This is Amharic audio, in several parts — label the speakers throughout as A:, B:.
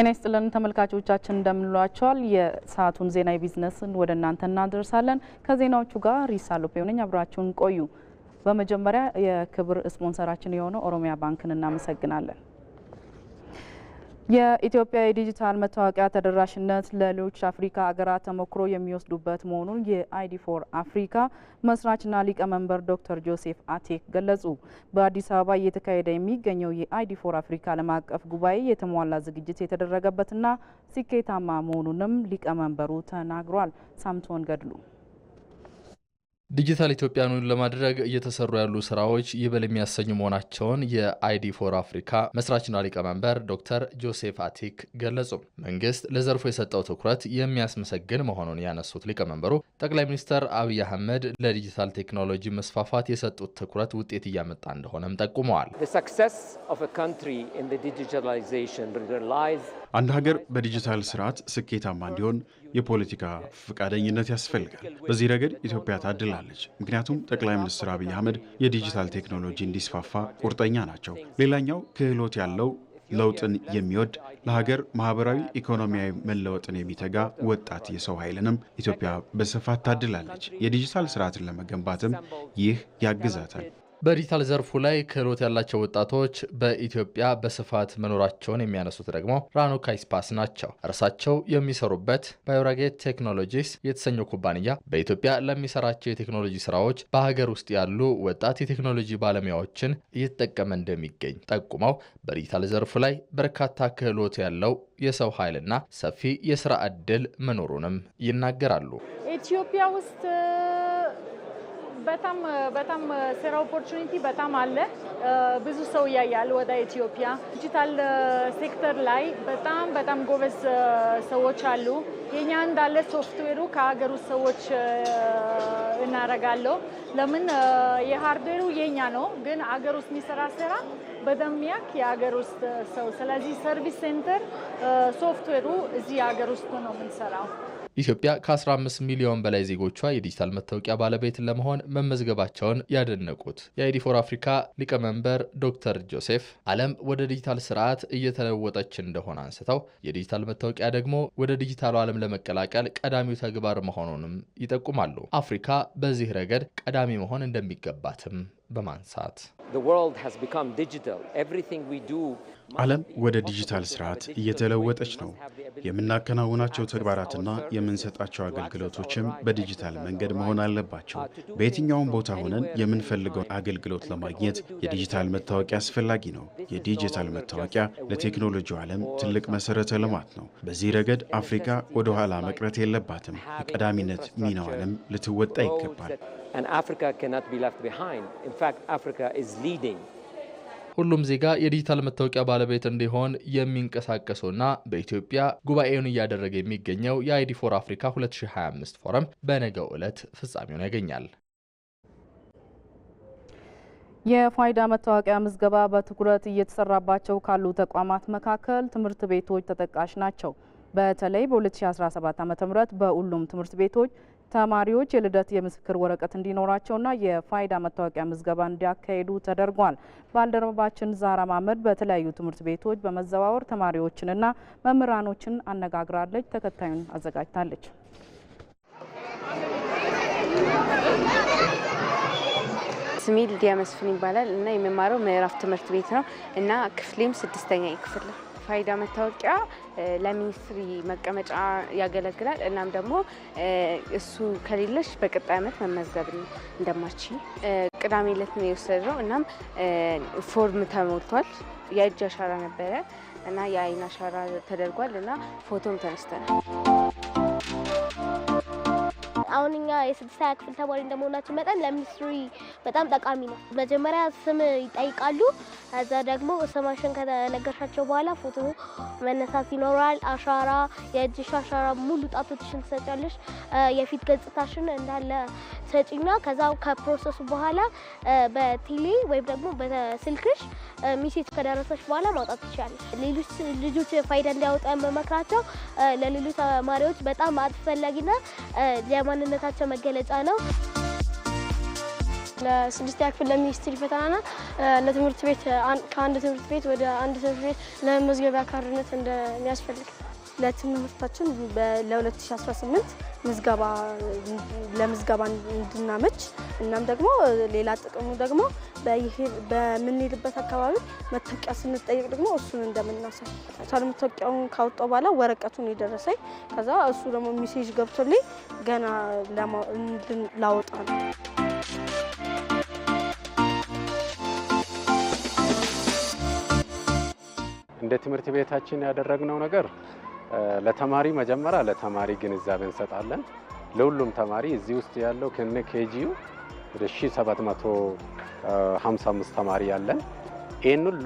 A: ጤና ይስጥልን ተመልካቾቻችን እንደምንሏቸዋል። የሰዓቱን ዜና የቢዝነስን ወደ እናንተ እናደርሳለን። ከዜናዎቹ ጋር ሪሳ ሎፔ ሆነኝ፣ አብራችሁን ቆዩ። በመጀመሪያ የክብር ስፖንሰራችን የሆነው ኦሮሚያ ባንክን እናመሰግናለን። የኢትዮጵያ የዲጂታል መታወቂያ ተደራሽነት ለሌሎች አፍሪካ ሀገራት ተሞክሮ የሚወስዱበት መሆኑን የአይዲ ፎር አፍሪካ መስራችና ሊቀመንበር ዶክተር ጆሴፍ አቴክ ገለጹ። በአዲስ አበባ እየተካሄደ የሚገኘው የአይዲ ፎር አፍሪካ ዓለም አቀፍ ጉባኤ የተሟላ ዝግጅት የተደረገበትና ስኬታማ መሆኑንም ሊቀመንበሩ ተናግሯል። ሳምቶን ገድሉ
B: ዲጂታል ኢትዮጵያን ለማድረግ እየተሰሩ ያሉ ስራዎች ይህ በል የሚያሰኙ መሆናቸውን የአይዲ ፎር አፍሪካ መስራችና ሊቀመንበር ዶክተር ጆሴፍ አቲክ ገለጹ። መንግስት ለዘርፉ የሰጠው ትኩረት የሚያስመሰግን መሆኑን ያነሱት ሊቀመንበሩ ጠቅላይ ሚኒስትር አብይ አህመድ ለዲጂታል ቴክኖሎጂ መስፋፋት የሰጡት ትኩረት ውጤት እያመጣ እንደሆነም ጠቁመዋል።
C: አንድ ሀገር በዲጂታል ስርዓት ስኬታማ እንዲሆን የፖለቲካ ፈቃደኝነት ያስፈልጋል። በዚህ ረገድ ኢትዮጵያ ታድላለች። ምክንያቱም ጠቅላይ ሚኒስትር አብይ አህመድ የዲጂታል ቴክኖሎጂ እንዲስፋፋ ቁርጠኛ ናቸው። ሌላኛው ክህሎት ያለው ለውጥን የሚወድ ለሀገር ማህበራዊ፣ ኢኮኖሚያዊ መለወጥን የሚተጋ ወጣት የሰው ኃይልንም ኢትዮጵያ በስፋት ታድላለች። የዲጂታል ስርዓትን ለመገንባትም ይህ ያግዛታል።
D: በዲጂታል ዘርፉ ላይ ክህሎት ያላቸው ወጣቶች በኢትዮጵያ በስፋት መኖራቸውን የሚያነሱት ደግሞ ራኖ ካይስፓስ ናቸው። እርሳቸው የሚሰሩበት ባዮራጌት ቴክኖሎጂስ የተሰኘው ኩባንያ በኢትዮጵያ ለሚሰራቸው የቴክኖሎጂ ስራዎች በሀገር ውስጥ ያሉ ወጣት የቴክኖሎጂ ባለሙያዎችን እየተጠቀመ እንደሚገኝ ጠቁመው በዲጂታል ዘርፉ ላይ በርካታ ክህሎት ያለው የሰው ኃይልና ሰፊ የስራ እድል መኖሩንም ይናገራሉ።
E: ኢትዮጵያ ውስጥ በጣም በጣም ስራ ኦፖርቹኒቲ በጣም አለ። ብዙ ሰው ያያል ወደ ኢትዮጵያ። ዲጂታል ሴክተር uh, ላይ በጣም በጣም ጎበዝ uh, ሰዎች አሉ። የኛ እንዳለ ሶፍትዌሩ ከሀገር ውስጥ ሰዎች uh, እናረጋለሁ። ለምን የሃርድዌሩ የኛ ነው፣ ግን አገር ውስጥ የሚሰራ ስራ በደንብ ያክ የሀገር ውስጥ ሰው። ስለዚህ ሰርቪስ ሴንተር ሶፍትዌሩ እዚህ የሀገር ውስጥ ነው የምንሰራው።
F: ኢትዮጵያ ከ15 ሚሊዮን በላይ ዜጎቿ የዲጂታል መታወቂያ ባለቤት ለመሆን መመዝገባቸውን ያደነቁት የአይዲ ፎር አፍሪካ ሊቀመንበር ዶክተር ጆሴፍ ዓለም ወደ ዲጂታል ስርዓት እየተለወጠች እንደሆነ አንስተው የዲጂታል መታወቂያ ደግሞ ወደ ዲጂታሉ ዓለም ለመቀላቀል ቀዳሚው ተግባር መሆኑንም ይጠቁማሉ። አፍሪካ በዚህ ረገድ ቀዳሚ መሆን እንደሚገባትም በማንሳት
G: ዓለም ወደ ዲጂታል ስርዓት እየተለወጠች ነው። የምናከናውናቸው ተግባራትና የምንሰጣቸው አገልግሎቶችም በዲጂታል መንገድ መሆን አለባቸው። በየትኛውም ቦታ ሆነን የምንፈልገውን አገልግሎት ለማግኘት የዲጂታል መታወቂያ አስፈላጊ ነው። የዲጂታል መታወቂያ ለቴክኖሎጂው ዓለም ትልቅ መሰረተ ልማት ነው። በዚህ ረገድ አፍሪካ ወደ ኋላ መቅረት የለባትም። የቀዳሚነት ሚናዋንም ልትወጣ ይገባል።
H: ሁሉም ዜጋ የዲጂታል መታወቂያ ባለቤት እንዲሆን የሚንቀሳቀሰውና በኢትዮጵያ ጉባኤውን እያደረገ የሚገኘው የአይዲ ፎር አፍሪካ 2025 ፎረም በነገው ዕለት ፍጻሜውን ያገኛል።
I: የፋይዳ መታወቂያ ምዝገባ በትኩረት እየተሰራባቸው ካሉ ተቋማት መካከል ትምህርት ቤቶች ተጠቃሽ ናቸው። በተለይ በ2017 ዓ.ም በሁሉም ትምህርት ቤቶች ተማሪዎች የልደት የምስክር ወረቀት እንዲኖራቸውና የፋይዳ መታወቂያ ምዝገባ እንዲያካሄዱ ተደርጓል። ባልደረባችን ዛራ ማመድ በተለያዩ ትምህርት ቤቶች በመዘዋወር ተማሪዎችንና መምህራኖችን አነጋግራለች። ተከታዩን አዘጋጅታለች።
J: ስሜ ሊዲያ መስፍን ይባላል እና የምማረው ምዕራፍ ትምህርት ቤት ነው እና ክፍሌም ስድስተኛ ክፍል ነው። የፋይዳ መታወቂያ ለሚኒስትሪ መቀመጫ ያገለግላል። እናም ደግሞ እሱ ከሌለሽ በቀጣይ ዓመት መመዝገብ እንደማች ቅዳሜ ዕለት ነው የወሰድነው። እናም ፎርም ተሞልቷል። የእጅ አሻራ ነበረ እና የአይን አሻራ ተደርጓል እና ፎቶም ተነስተናል።
K: አሁን እኛ የስድስተኛ ክፍል ተማሪ እንደመሆናችን መጠን ለሚኒስትሪ በጣም ጠቃሚ ነው። መጀመሪያ ስም ይጠይቃሉ። ከዛ ደግሞ ስማሽን ከነገርሻቸው በኋላ ፎቶ መነሳት ይኖራል። አሻራ፣ የእጅሽ አሻራ ሙሉ ጣቶችሽን ትሰጫለሽ። የፊት ገጽታሽን እንዳለ ሰጪና ከዛ ከፕሮሰሱ በኋላ በቴሌ ወይም ደግሞ በስልክሽ ሚሴት ከደረሰች በኋላ ማውጣት ትችላለች። ሌሎች ልጆች ፋይዳ እንዳያወጣ መመክራቸው ለሌሎች ተማሪዎች በጣም አስፈላጊና የማንነታቸው መገለጫ ነው።
L: ለስድስት ክፍል ለሚኒስትሪ ፈተናና ለትምህርት ቤት ከአንድ ትምህርት ቤት ወደ አንድ ትምህርት ቤት ለመመዝገቢያ ካርድነት እንደሚያስፈልግ ለትምህርታችን ለ2018 ምዝገባ ለምዝገባ እንድናመች እናም ደግሞ ሌላ ጥቅሙ ደግሞ በምንሄድበት አካባቢ መታወቂያ ስንጠይቅ ደግሞ እሱን እንደምናሳይ ሳል መታወቂያውን ካወጣ በኋላ ወረቀቱን የደረሰኝ ከዛ እሱ ደግሞ ሚሴጅ ገብቶልኝ ገና ላወጣ ነው።
M: እንደ ትምህርት ቤታችን ያደረግነው ነገር ለተማሪ መጀመሪያ ለተማሪ ግንዛቤ እንሰጣለን። ለሁሉም ተማሪ እዚህ ውስጥ ያለው ከነ ኬጂው ወደ 1755 ተማሪ ያለን ይህን ሁሉ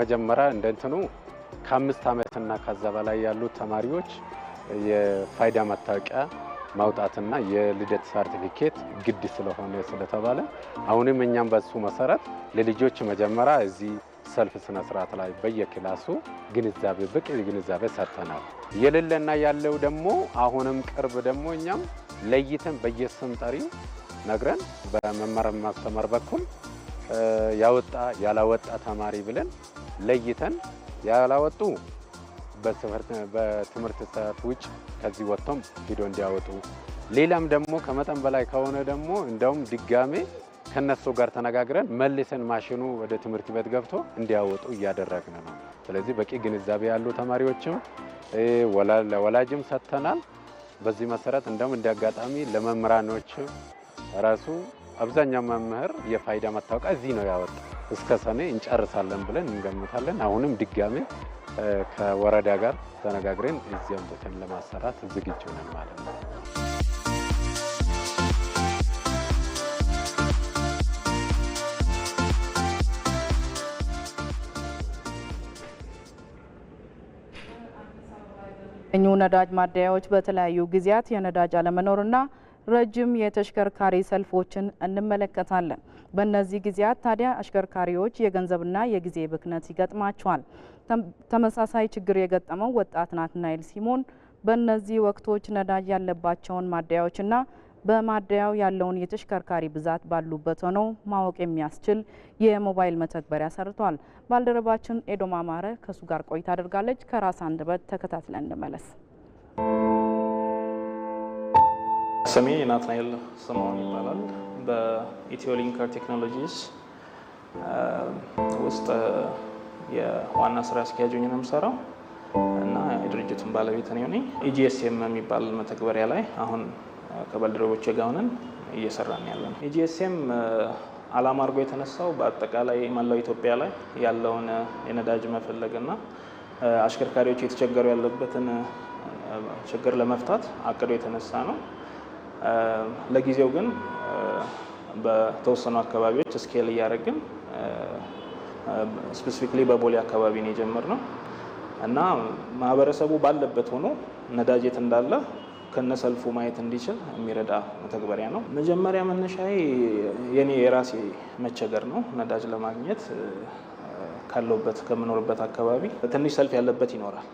M: መጀመሪያ እንደንትኑ ከአምስት ዓመትና ከዛ በላይ ያሉ ተማሪዎች የፋይዳ መታወቂያ ማውጣትና የልደት ሰርቲፊኬት ግድ ስለሆነ ስለተባለ አሁንም እኛም በሱ መሰረት ለልጆች መጀመሪያ እዚህ ሰልፍ ስነ ስርዓት ላይ በየክላሱ ግንዛቤ ብቅ ግንዛቤ ሰጥተናል። የሌለና ያለው ደግሞ አሁንም ቅርብ ደግሞ እኛም ለይተን በየስም ጠሪ ነግረን በመማር ማስተማር በኩል ያወጣ ያላወጣ ተማሪ ብለን ለይተን ያላወጡ በትምህርት ሰዓት ውጭ ከዚህ ወጥቶም ሂዶ እንዲያወጡ ሌላም ደግሞ ከመጠን በላይ ከሆነ ደግሞ እንደውም ድጋሜ ከነሱ ጋር ተነጋግረን መልሰን ማሽኑ ወደ ትምህርት ቤት ገብቶ እንዲያወጡ እያደረግን ነው። ስለዚህ በቂ ግንዛቤ ያሉ ተማሪዎችም ለወላጅም ሰጥተናል። በዚህ መሰረት እንደውም እንደ አጋጣሚ ለመምህራኖች ራሱ አብዛኛው መምህር የፋይዳ መታወቂያ እዚህ ነው ያወጣ። እስከ ሰኔ እንጨርሳለን ብለን እንገምታለን። አሁንም ድጋሜ ከወረዳ ጋር ተነጋግረን እዚያም አምጥተን ለማሰራት ዝግጁ ነን ማለት ነው።
N: እኚሁ ነዳጅ ማደያዎች በተለያዩ ጊዜያት የነዳጅ አለመኖርና ረጅም የተሽከርካሪ ሰልፎችን እንመለከታለን። በእነዚህ ጊዜያት ታዲያ አሽከርካሪዎች የገንዘብና የጊዜ ብክነት ይገጥማቸዋል። ተመሳሳይ ችግር የገጠመው ወጣት ናትናኤል ሲሞን በእነዚህ ወቅቶች ነዳጅ ያለባቸውን ማደያዎችና በማደያው ያለውን የተሽከርካሪ ብዛት ባሉበት ሆነው ማወቅ የሚያስችል የሞባይል መተግበሪያ ሰርቷል። ባልደረባችን ኤዶም አማረ ከእሱ ጋር ቆይታ አድርጋለች። ከራስ አንደበት ተከታትለን እንመለስ።
O: ስሜ ናትናኤል ስምዖን ይባላል። በኢትዮ ሊንከር ቴክኖሎጂስ ውስጥ የዋና ስራ አስኪያጅ ነው የምሰራው እና የድርጅቱን ባለቤት ነው ነኝ። ኢጂኤስኤም የሚባል መተግበሪያ ላይ አሁን ከባልደረቦቼ ጋር ሆነን እየሰራን ያለ ነው። የጂኤስኤም አላማ አድርጎ የተነሳው በአጠቃላይ መላው ኢትዮጵያ ላይ ያለውን የነዳጅ መፈለግና አሽከርካሪዎች የተቸገሩ ያለበትን ችግር ለመፍታት አቅዶ የተነሳ ነው። ለጊዜው ግን በተወሰኑ አካባቢዎች ስኬል እያደረግን ስፔሲፊክሊ በቦሌ አካባቢ ነው የጀመርነው እና ማህበረሰቡ ባለበት ሆኖ ነዳጅ የት እንዳለ ከነሰልፉ ማየት እንዲችል የሚረዳ መተግበሪያ ነው። መጀመሪያ መነሻዬ የኔ የራሴ መቸገር ነው። ነዳጅ ለማግኘት ካለውበት ከምኖርበት አካባቢ ትንሽ ሰልፍ ያለበት ይኖራል።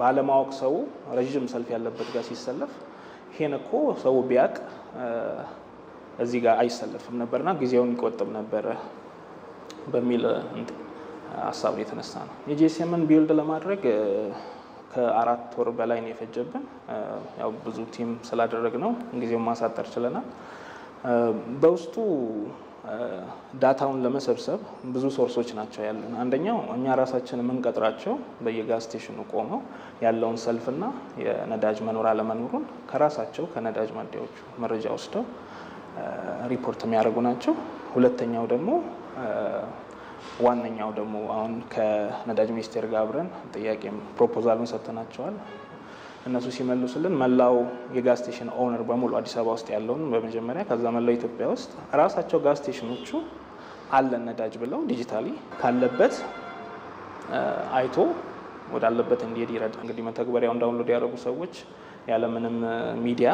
O: ባለማወቅ ሰው ረዥም ሰልፍ ያለበት ጋር ሲሰለፍ ይሄን እኮ ሰው ቢያቅ እዚህ ጋር አይሰለፍም ነበርና ጊዜውን ይቆጥብ ነበረ በሚል ሀሳብ የተነሳ ነው የጄሲኤምን ቢውልድ ለማድረግ ከአራት ወር በላይ ነው የፈጀብን። ያው ብዙ ቲም ስላደረግ ነው ጊዜውን ማሳጠር ችለናል። በውስጡ ዳታውን ለመሰብሰብ ብዙ ሶርሶች ናቸው ያለን። አንደኛው እኛ ራሳችን የምንቀጥራቸው በየጋዝ ስቴሽኑ ቆመው ያለውን ሰልፍና የነዳጅ መኖር አለመኖሩን ከራሳቸው ከነዳጅ ማደያዎቹ መረጃ ወስደው ሪፖርት የሚያደርጉ ናቸው። ሁለተኛው ደግሞ ዋነኛው ደግሞ አሁን ከነዳጅ ሚኒስቴር ጋር አብረን ጥያቄም ፕሮፖዛሉን ሰጥተናቸዋል። እነሱ ሲመልሱልን መላው የጋዝ ስቴሽን ኦነር በሙሉ አዲስ አበባ ውስጥ ያለውን በመጀመሪያ ከዛ መላው ኢትዮጵያ ውስጥ ራሳቸው ጋዝ ስቴሽኖቹ አለን ነዳጅ ብለው ዲጂታሊ ካለበት አይቶ ወዳለበት እንዲሄድ ይረዳ። እንግዲህ መተግበሪያውን ዳውንሎድ ያደረጉ ሰዎች ያለምንም ሚዲያ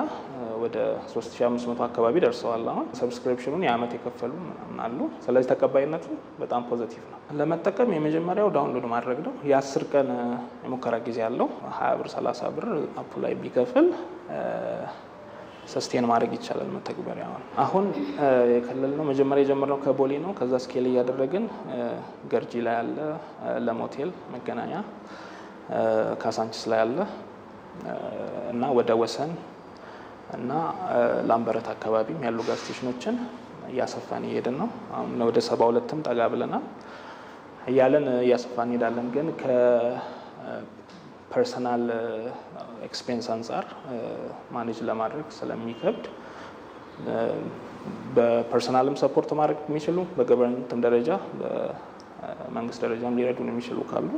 O: ወደ 3500 አካባቢ ደርሰዋል። አሁን ሰብስክሪፕሽኑን የአመት የከፈሉ ምናምን አሉ። ስለዚህ ተቀባይነቱ በጣም ፖዘቲቭ ነው። ለመጠቀም የመጀመሪያው ዳውንሎድ ማድረግ ነው። የአስር ቀን የሙከራ ጊዜ አለው። 20 ብር 30 ብር አፑ ላይ ቢከፍል ሰስቴን ማድረግ ይቻላል። መተግበሪያውን አሁን የክልል ነው መጀመሪያ የጀመርነው ከቦሌ ነው። ከዛ ስኬል እያደረግን ገርጂ ላይ አለ፣ ለሞቴል መገናኛ፣ ካሳንችስ ላይ አለ እና ወደ ወሰን እና ላምበረት አካባቢም ያሉ ጋዝ ስቴሽኖችን እያሰፋን እየሄድን ነው። አሁን ወደ ሰባ ሁለትም ጠጋ ብለናል እያለን እያሰፋን እንሄዳለን። ግን ከፐርሰናል ኤክስፔንስ አንጻር ማኔጅ ለማድረግ ስለሚከብድ በፐርሰናልም ሰፖርት ማድረግ የሚችሉ በገቨርንትም ደረጃ በመንግስት ደረጃም ሊረዱን የሚችሉ ካሉ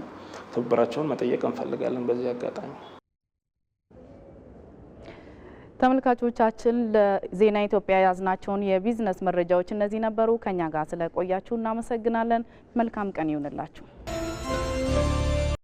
O: ትብብራቸውን መጠየቅ እንፈልጋለን በዚህ አጋጣሚ
A: ተመልካቾቻችን ለዜና ኢትዮጵያ ያዝናቸውን የቢዝነስ መረጃዎች እነዚህ ነበሩ። ከኛ ጋር ስለቆያችሁ እናመሰግናለን። መልካም ቀን ይሁንላችሁ።